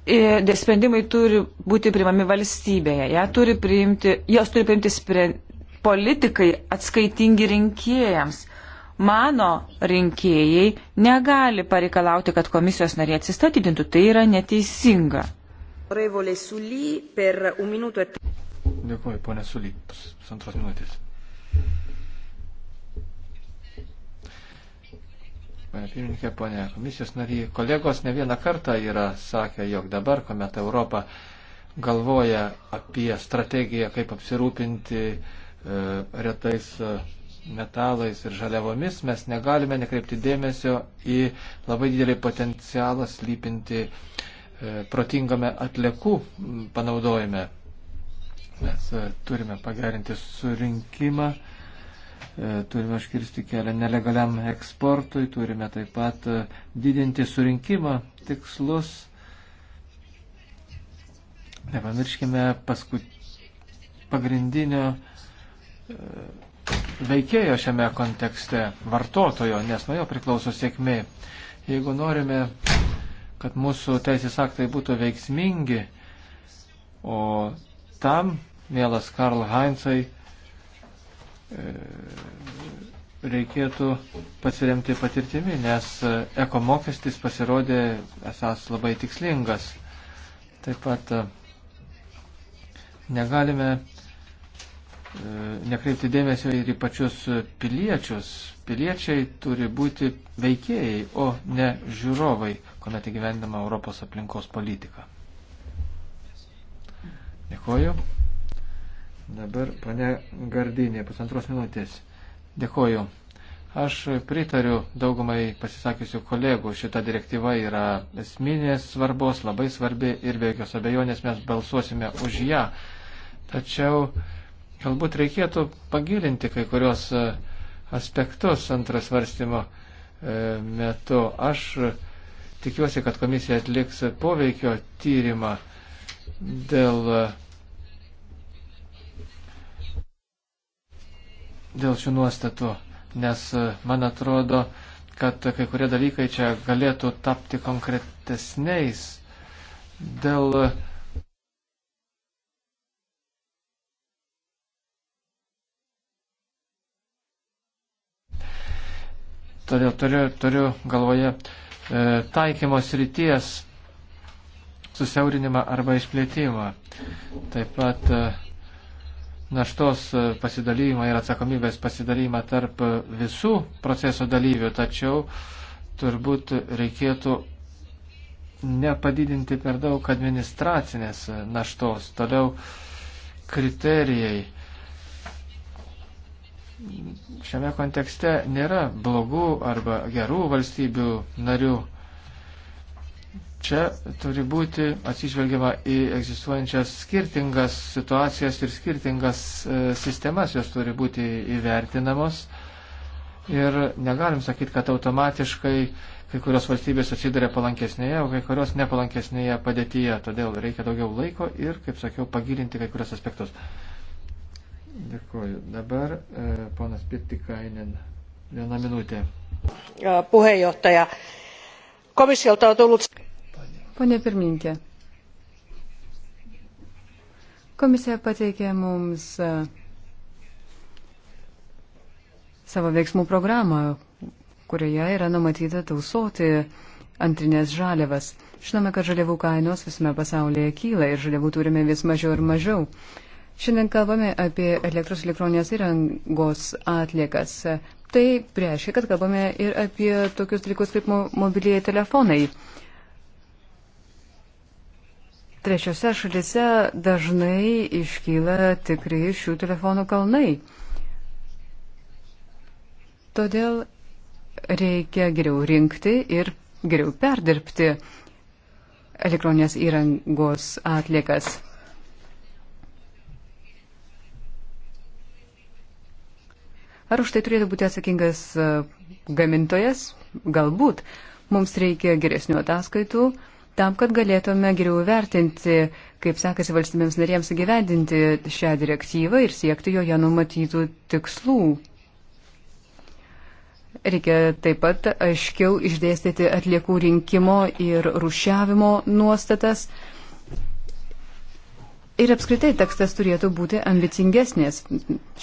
Ir sprendimai turi būti priimami valstybėje. Ja, turi priimti, jos turi priimti spre, politikai atskaitingi rinkėjams. Mano rinkėjai negali pareikalauti, kad komisijos narė atsistatydintų. Tai yra neteisinga. Dėkuoju, ponė Sulyk, pusantros minutės. Pane pirmininkė, ponė komisijos nariai, kolegos ne vieną kartą yra sakę, jog dabar, kuomet Europa galvoja apie strategiją, kaip apsirūpinti e, retais e, metalais ir žaliavomis, mes negalime nekreipti dėmesio į labai didelį potencialą slypinti e, protingame atliekų panaudojime. Mes e, turime pagerinti surinkimą, e, turime iškirsti kelią nelegaliam eksportui, turime taip pat e, didinti surinkimo tikslus. Nepamirškime paskut... pagrindinio veikėjo šiame kontekste vartotojo, nes nuo jo priklauso sėkmė. Jeigu norime, kad mūsų teisės aktai būtų veiksmingi, o tam mielas Karl Heinzai, e, reikėtų pasiremti patirtimi, nes e, ekomokestis pasirodė esas labai tikslingas. Taip pat e, negalime nekreipti dėmesio ir į pačius piliečius. Piliečiai turi būti veikėjai, o ne žiūrovai, kuomet įgyvendama Europos aplinkos politiką. Dėkuoju. Dabar pane Gardinė, pusantros minutės. Dėkoju. Aš pritariu daugumai pasisakiusių kolegų. Šita direktyva yra esminės svarbos, labai svarbi ir be jokios abejonės mes balsuosime už ją. Tačiau galbūt reikėtų pagilinti kai kurios e, aspektus antras varstymo e, metu. Aš tikiuosi, kad komisija atliks poveikio tyrimą dėl dėl šių nuostatų, nes e, man atrodo, kad kai kurie dalykai čia galėtų tapti konkretesniais dėl. E, todėl turiu, turiu galvoje e, taikymos ryties susiaurinimą arba išplėtimą. Taip pat e, naštos e, pasidalymą ir atsakomybės pasidalymą tarp e, visų proceso dalyvių, tačiau turbūt reikėtų nepadidinti per daug administracinės e, naštos. Toliau kriterijai šiame kontekste nėra blogų arba gerų valstybių narių Čia turi būti atsižvelgiama į egzistuojančias skirtingas situacijas ir skirtingas e, sistemas, jos turi būti įvertinamos. Ir negalim sakyti, kad automatiškai kai kurios valstybės atsiduria palankesnėje, o kai kurios nepalankesnėje padėtyje. Todėl reikia daugiau laiko ir, kaip sakiau, pagilinti kai kurios aspektus. Dėkuoju. Dabar e, ponas Pittikainen. Viena minutė. Puheenjohtaja. Komissiolta on tullut... Pone pirmininkė, komisija pateikė mums savo veiksmų programą, kurioje yra numatyta tausoti antrinės žaliavas. Žinome, kad žaliavų kainos visame pasaulyje kyla ir žaliavų turime vis mažiau ir mažiau. Šiandien kalbame apie elektros elektroninės įrangos atliekas. Tai reiškia, kad kalbame ir apie tokius dalykus kaip mobilieji telefonai. Trečiose šalise dažnai iškyla tikrai šių telefonų kalnai. Todėl reikia geriau rinkti ir geriau perdirbti elektroninės įrangos atliekas. Ar už tai turėtų būti atsakingas e, gamintojas? Galbūt. Mums reikia geresnių ataskaitų, tam, kad galėtume geriau vertinti, kaip sekasi valstybėms narėms įgyvendinti šią direktyvą ir siekti joje numatytų tikslų. Reikia taip pat aiškiau išdėstyti atliekų rinkimo ir rušiavimo nuostatas. Ir apskritai tekstas turėtų būti ambicingesnės.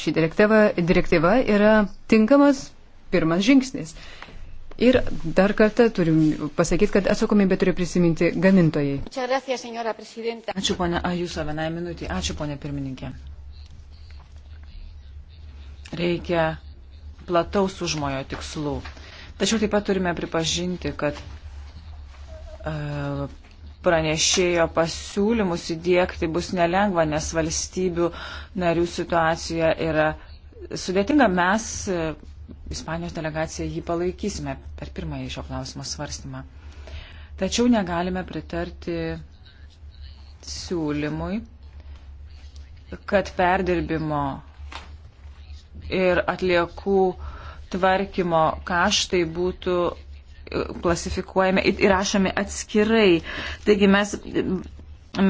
Ši direktyva, direktyva yra tinkamas pirmas žingsnis. Ir dar kartą turim pasakyti, kad atsakomybę turi prisiminti gamintojai. Ačiū, ponė Ajuso, vienai minutį. Ačiū, ponė pirmininkė. Reikia plataus užmojo tikslų. Tačiau taip pat turime pripažinti, kad e, pranešėjo pasiūlymus įdėkti bus nelengva, nes valstybių narių situacija yra sudėtinga. Mes. E, Ispanijos delegacija jį palaikysime per pirmąjį šio klausimo svarstymą. Tačiau negalime pritarti siūlymui, kad perdirbimo ir atliekų tvarkymo kaštai būtų e, klasifikuojami ir rašomi atskirai. Taigi mes,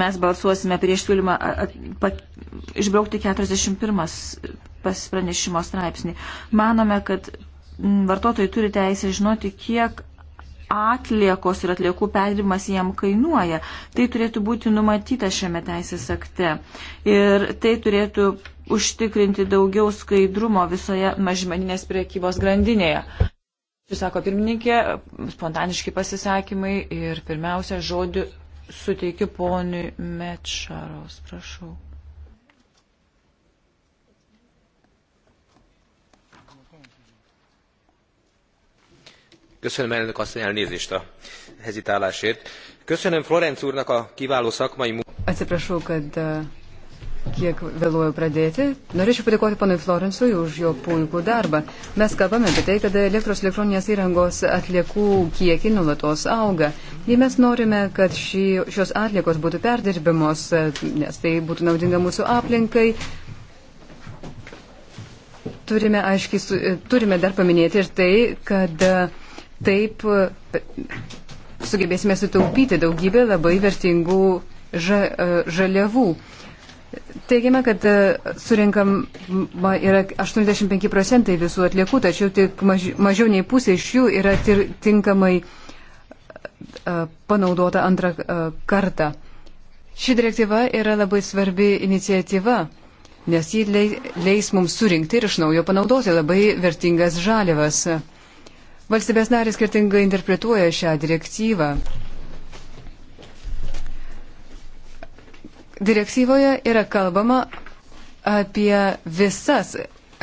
mes balsuosime prieš siūlymą at, pat, išbraukti 41 pas pranešimo straipsnį. Manome, kad mm, vartotojai turi teisę žinoti, kiek atliekos ir atliekų perdimas jam kainuoja. Tai turėtų būti numatyta šiame teisės akte. Ir tai turėtų užtikrinti daugiau skaidrumo visoje mažmeninės priekybos grandinėje. Jūs sako pirmininkė, spontaniški pasisakymai ir pirmiausia žodį suteikiu poniui Mečaros, prašau. köszönöm elnök asszony elnézést a hezitálásért köszönöm florenz úrnak a kiváló szakmai munkát atsiprašau kad e, kiek vėluoju pradėti norėčiau padėkoti ponui florencui už jo puikų darbą mes kalbame apie tai kad elektros elektroninės įrangos atliekų kiekiai nuolatos auga jei mes norime kad šį, šios atliekos būtų perdirbimos e, nes tai būtų naudinga mūsų aplinkai turime aiškiai e, turime dar paminėti ir tai kad Taip e, sugebėsime sutaupyti daugybę labai vertingų ža, e, žaliavų. Teigiame, kad e, surinkama yra 85 procentai visų atliekų, tačiau tik maž, mažiau nei pusė iš jų yra tir, tinkamai panaudota antrą kartą. Ši direktyva yra labai svarbi iniciatyva, nes ji leis mums surinkti ir iš naujo panaudoti labai vertingas žalėvas. Valstybės narės skirtingai interpretuoja šią direktyvą. Direktyvoje yra kalbama apie visas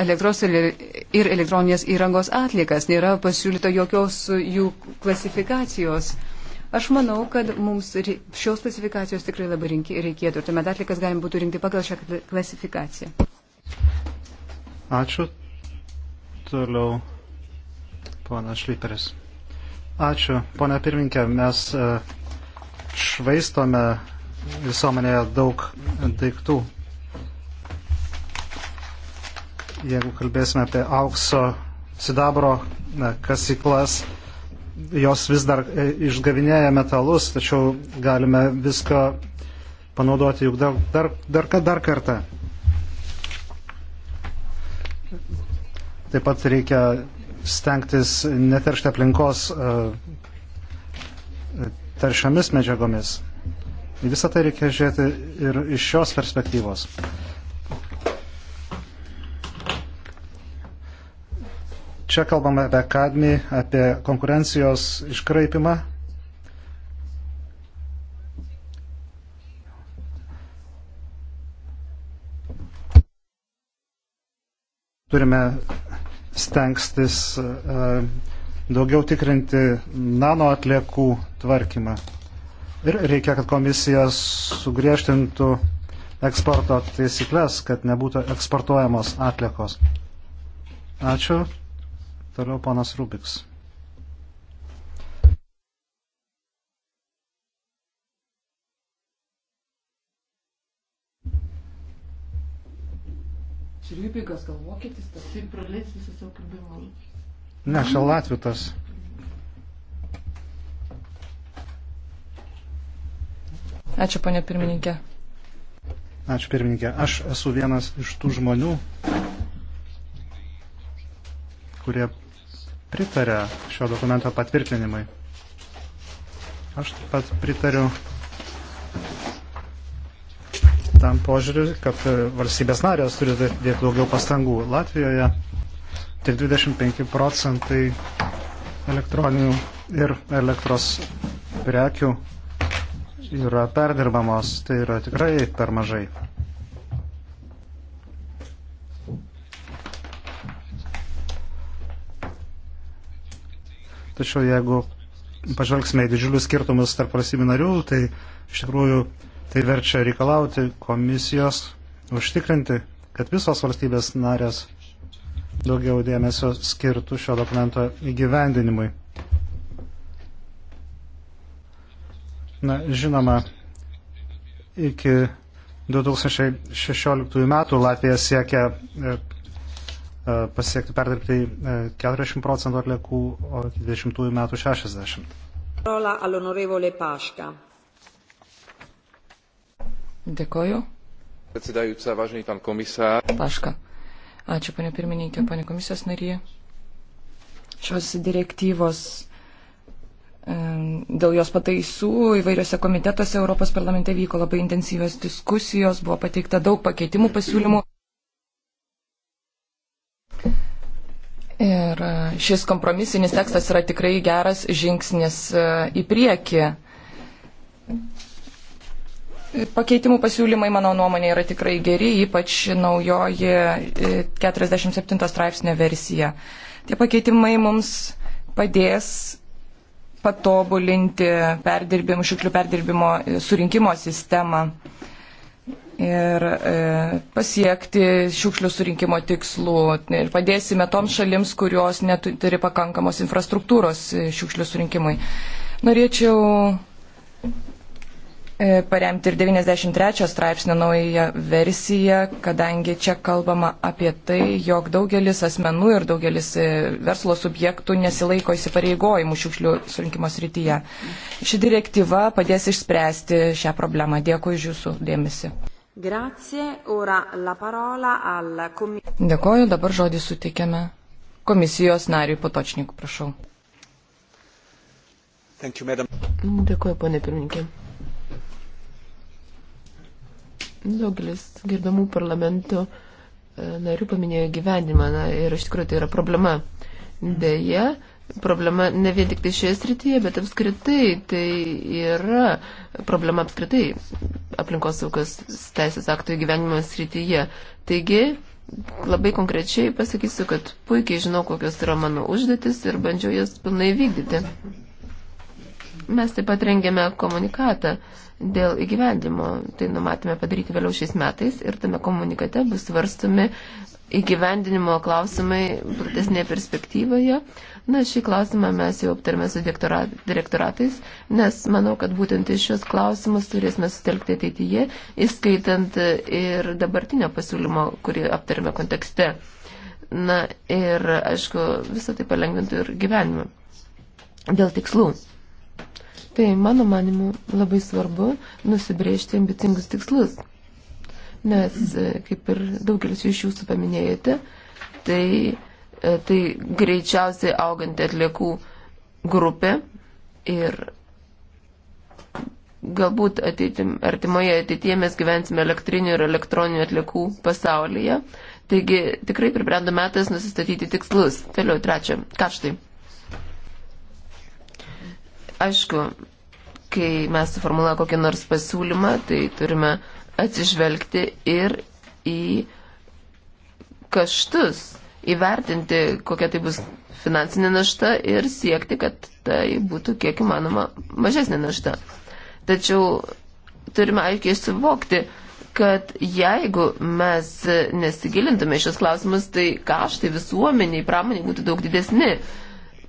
elektros ir elektroninės įrangos atlikas. Nėra pasiūlyta jokios jų klasifikacijos. Aš manau, kad mums šios klasifikacijos tikrai labai reikėtų ir tuomet atlikas galim būtų rinkti pagal šią klasifikaciją. Ačiū. Toliau Pana Šliperis. Ačiū, pana pirminkė. Mes e, švaistome visuomenėje daug daiktų. Jeigu kalbėsime apie aukso, sidabro e, kasyklas, jos vis dar e, išgavinėja metalus, tačiau galime viską panaudoti juk dar, dar, dar, dar kartą. Taip pat reikia stengtis neteršti aplinkos e, taršiamis medžiagomis. Į visą tai reikia žiūrėti ir iš šios perspektyvos. Čia kalbame apie kadmį, apie konkurencijos iškraipimą. Turime stengstis e, daugiau tikrinti nano atliekų tvarkymą. Ir reikia, kad komisija sugriežtintų eksporto taisyklės, kad nebūtų eksportuojamos atliekos. Ačiū. Toliau ponas Rubiks. Šriubikas, gal vokietis, tas ir praleis visą savo kalbėjimą. Ne, aš latviu tas. Ačiū, ponė pirmininkė. Ačiū, pirmininkė. Aš esu vienas iš tų žmonių, kurie pritarė šio dokumento patvirtinimui. Aš taip pat pritariu tam požiūriu, kad e, valstybės narės turi dėti daugiau pastangų. Latvijoje tik 25 procentai elektroninių ir elektros prekių yra perdirbamos. Tai yra tikrai per mažai. Tačiau jeigu pažvelgsime į didžiulius skirtumus tarp valstybių narių, tai iš tikrųjų Tai verčia reikalauti komisijos užtikrinti, kad visos valstybės narės daugiau dėmesio skirtų šio dokumento įgyvendinimui. Na, žinoma, iki 2016 metų Latvija siekia e, e, pasiekti perdirbti 40 e, procentų atliekų, o iki 2020 metų 60. Dėkoju. Predsedajúca, vážený pán komisár. Paška. Ačiū, panė pirmininkė, panė komisijos narė. Šios direktyvos dėl jos pataisų įvairiose komitetuose Europos parlamente vyko labai intensyvios diskusijos, buvo pateikta daug pakeitimų pasiūlymų. Ir e, šis kompromisinis tekstas yra tikrai geras žingsnis e, į priekį. Pakeitimų pasiūlymai, mano nuomonė, yra tikrai geri, ypač naujoji 47 e, straipsnio versija. Tie pakeitimai mums padės patobulinti perdirbimo, šiuklių e, perdirbimo surinkimo sistemą ir e, pasiekti šiukšlių surinkimo tikslų. Ir padėsime toms šalims, kurios neturi pakankamos infrastruktūros e, šiukšlių surinkimui. Norėčiau E, paremti ir 93 straipsnio naują versiją, kadangi čia kalbama apie tai, jog daugelis asmenų ir daugelis e, verslo subjektų nesilaiko įsipareigojimų šiukšlių surinkimo srityje. Ši direktyva padės išspręsti šią problemą. Dėkui už Jūsų dėmesį. Dėkoju, dabar žodį suteikiame komisijos nariui Potočnikui, prašau. You, Dėkuoju, ponė pirmininkė. Daugelis gerbiamų parlamentų e, narių paminėjo gyvenimą na, ir iš tikrųjų tai yra problema. Deja, problema ne vien tik tai šioje srityje, bet apskritai tai yra problema apskritai aplinkos saugos teisės aktų įgyvenimo srityje. Taigi, labai konkrečiai pasakysiu, kad puikiai žinau, kokios yra mano užduotis ir bandžiau jas pilnai vykdyti. Mes taip pat rengėme komunikatą. Uh, dėl įgyvendimo. Tai numatėme padaryti vėliau šiais metais ir tame komunikate bus svarstumi įgyvendinimo klausimai platesnėje perspektyvoje. Na, šį klausimą mes jau aptarėme su direktoratais, nes manau, kad būtent iš šios klausimus turėsime sutelkti ateityje, įskaitant ir dabartinio pasiūlymo, kurį aptarėme kontekste. Na ir, aišku, visą tai palengvintų ir gyvenimą. Dėl tikslų. Tai, mano manimu, labai svarbu nusibriežti ambicingus tikslus. Nes, e, kaip ir daugelis iš jūsų paminėjote, tai, e, tai greičiausiai auganti atliekų grupė ir galbūt ateitim, artimoje ateityje mes gyvensime elektrinių ir elektroninių atliekų pasaulyje. Taigi tikrai pribrendo metas nusistatyti tikslus. Toliau, trečia, kaštai. Aišku, kai mes suformuluojame kokį nors pasiūlymą, tai turime atsižvelgti ir į kaštus, įvertinti, kokia tai bus finansinė našta ir siekti, kad tai būtų kiek įmanoma mažesnė našta. Tačiau turime aiškiai suvokti, kad jeigu mes nesigilintume šios klausimus, tai kaštai visuomeniai, pramoniai būtų daug didesni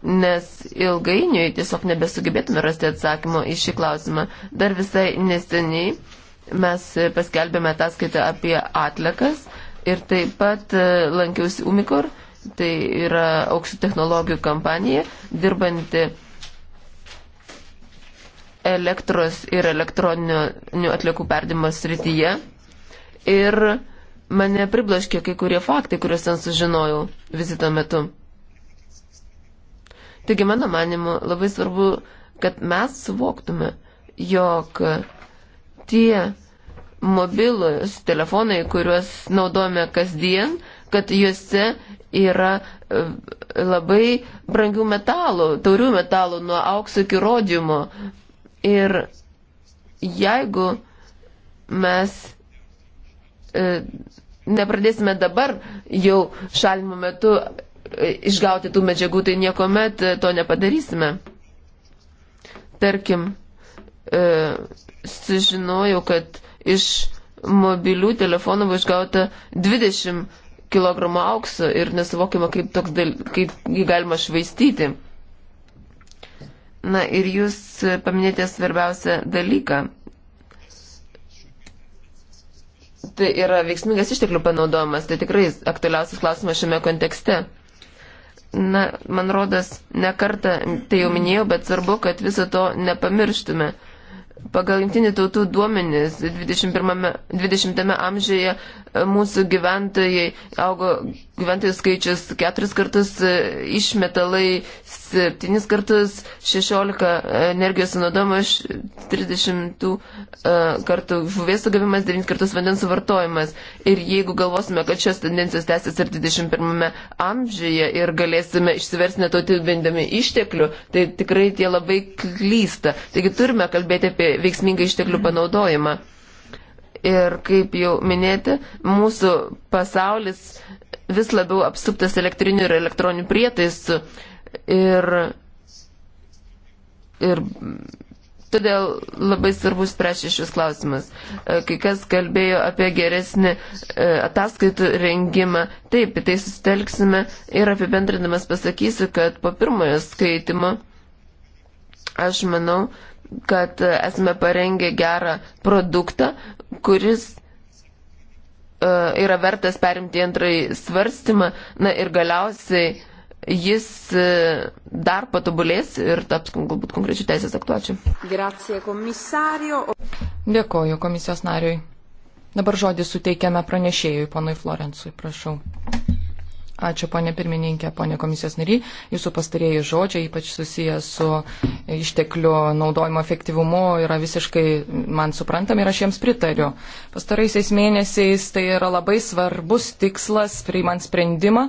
nes ilgainiui tiesiog nebesugebėtume rasti atsakymo į šį klausimą. Dar visai neseniai mes paskelbėme ataskaitą apie atlikas ir taip pat e, lankiausi Umikor, tai yra aukštų technologijų kompanija, dirbanti elektros ir elektroninių atliekų perdimo srityje. Ir mane priblaškė kai kurie faktai, kuriuos ten sužinojau vizito metu. Taigi, mano manimu, labai svarbu, kad mes suvoktume, jog tie mobilus telefonai, kuriuos naudojame kasdien, kad juose yra e, labai brangių metalų, taurių metalų nuo aukso iki rodimo. Ir jeigu mes e, nepradėsime dabar jau šalimo metu išgauti tų medžiagų, tai niekuomet e, to nepadarysime. Tarkim, e, sužinojau, kad iš mobilių telefonų buvo išgauta 20 kg aukso ir nesuvokima, kaip, toks dal, kaip jį galima švaistyti. Na ir jūs paminėtė svarbiausią dalyką. Tai yra veiksmingas išteklių panaudojimas, tai tikrai aktualiausias klausimas šiame kontekste. Na, man rodas, ne kartą tai jau minėjau, bet svarbu, kad viso to nepamirštume. Pagal jungtinių tautų duomenys 21, 20 amžiuje e, mūsų gyventojai augo gyventojų skaičius 4 kartus, e, išmetalai 7 kartus, 16 e, energijos sunaudojimas, 30 e, kartų žuvies sugavimas, 9 kartus vandens suvartojimas. Ir jeigu galvosime, kad šios tendencijos tęsis ir 21 amžiuje ir galėsime išsiversti netautybindami išteklių, tai tikrai tie labai klysta. Taigi turime kalbėti apie veiksmingą išteklių panaudojimą ir kaip jau minėti, mūsų pasaulis vis labiau apsuptas elektrinių ir elektroninių prietaisų. Ir, ir todėl labai svarbus spręsti šis klausimas. E, kai kas kalbėjo apie geresnį e, ataskaitų rengimą, taip, į tai sustelksime ir apibendrinamas pasakysiu, kad po pirmojo skaitimo aš manau, kad esame parengę gerą produktą, kuris E, yra vertas perimti antrąjį svarstymą. Na ir galiausiai jis e, dar patobulės ir taps galbūt konkrečių teisės aktuačių. Dėkoju komisijos nariui. Dabar žodį suteikiame pranešėjui, ponui Florencui, prašau. Ačiū, ponė pirmininkė, ponė komisijos nariai. Jūsų pastarėjai žodžiai, ypač susijęs su išteklių naudojimo efektyvumu, yra visiškai man suprantami ir aš jiems pritariu. Pastaraisiais mėnesiais tai yra labai svarbus tikslas priimant sprendimą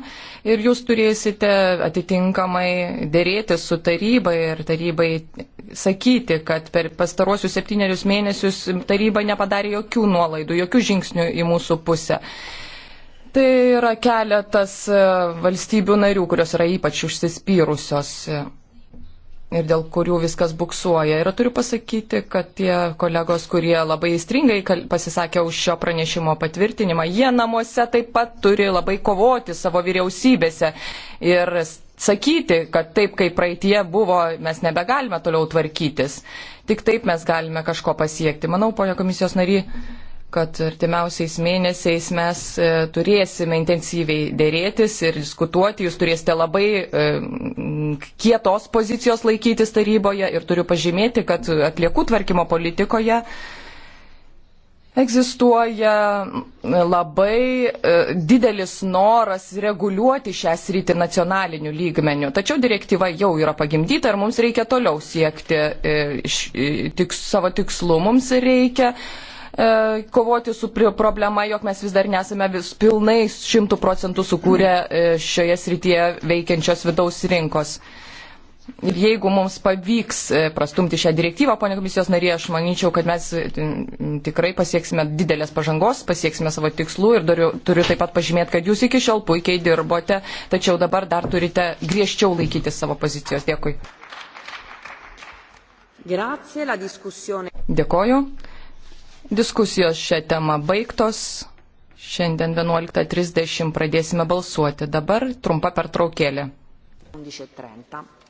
ir jūs turėsite atitinkamai dėrėti su taryba ir tarybai sakyti, kad per pastaruosius septynerius mėnesius taryba nepadarė jokių nuolaidų, jokių žingsnių į mūsų pusę. Tai yra keletas e, valstybių narių, kurios yra ypač užsispyrusios e, ir dėl kurių viskas buksuoja. Ir turiu pasakyti, kad tie kolegos, kurie labai įstringai pasisakė už šio pranešimo patvirtinimą, jie namuose taip pat turi labai kovoti savo vyriausybėse ir sakyti, kad taip kaip praeitie buvo, mes nebegalime toliau tvarkytis. Tik taip mes galime kažko pasiekti. Manau, ponia komisijos nary, kad artimiausiais mėnesiais mes e, turėsime intensyviai dėrėtis ir diskutuoti, jūs turėsite labai e, kietos pozicijos laikytis taryboje ir turiu pažymėti, kad atliekų tvarkymo politikoje egzistuoja labai e, didelis noras reguliuoti šią sritį nacionaliniu lygmeniu. Tačiau direktyva jau yra pagimdyta ir mums reikia toliau siekti iš, tiks, savo tikslų. Mums reikia uh, E, kovoti su problema, jog mes vis dar nesame vis pilnai šimtų procentų sukūrę e, šioje srityje veikiančios vidaus rinkos. Ir jeigu mums pavyks e, prastumti šią direktyvą, ponė komisijos narė, aš manyčiau, kad mes tikrai pasieksime didelės pažangos, pasieksime savo tikslų ir turiu, turiu taip pat pažymėti, kad jūs iki šiol puikiai dirbote, tačiau dabar dar turite griežčiau laikyti savo pozicijos. Dėkui. Grazie, Dėkoju. Diskusijos šią temą baigtos. Šiandien 11.30 pradėsime balsuoti. Dabar trumpa pertraukėlė. 11.30.